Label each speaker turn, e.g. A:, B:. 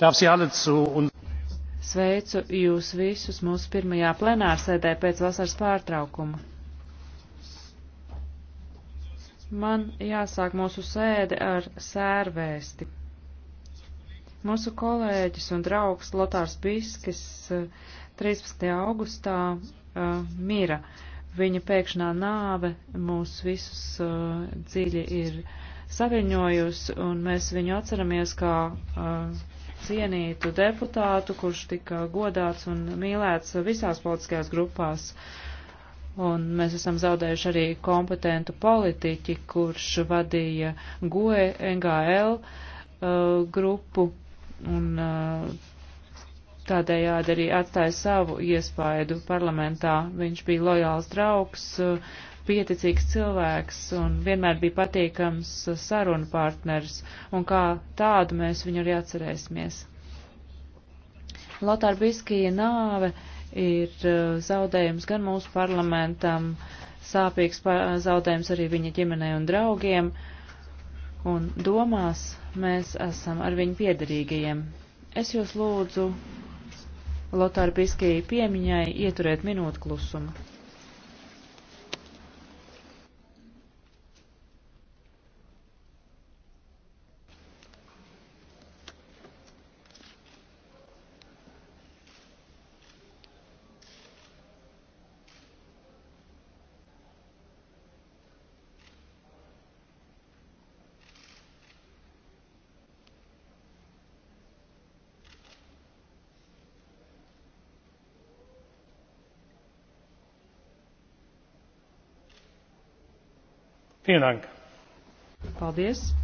A: darf Sie alle zu uns.
B: Sveicu jūs visus mūsu pirmajā plenārsēdē pēc vasaras pārtraukuma. Man jāsāk mūsu sēde ar sērvēsti. Mūsu kolēģis un draugs Lotārs Biskis 13. Eh, augustā uh, mira. Viņa pēkšņā nāve mūs visus uh, dziļi ir saviņojusi, un mēs viņu atceramies kā uh, cienītu deputātu, kurš tika godāts un mīlēts visās politiskajās grupās. Un mēs esam zaudējuši arī kompetentu politiķi, kurš vadīja GOE, NGL uh, grupu un uh, tādējādi arī atstāja savu iespaidu parlamentā. Viņš bija lojāls draugs, uh, pieticīgs cilvēks un vienmēr bija patīkams sarunu partners, un kā tādu mēs viņu arī atcerēsimies. Lotāra Biskija nāve ir uh, zaudējums gan mūsu parlamentam, sāpīgs zaudējums arī viņa ģimenei un draugiem, un domās mēs esam ar viņu piederīgajiem. Es jūs lūdzu Lotāra Biskija piemiņai ieturēt minūtu klusumu. Vielen Dank! Paldies!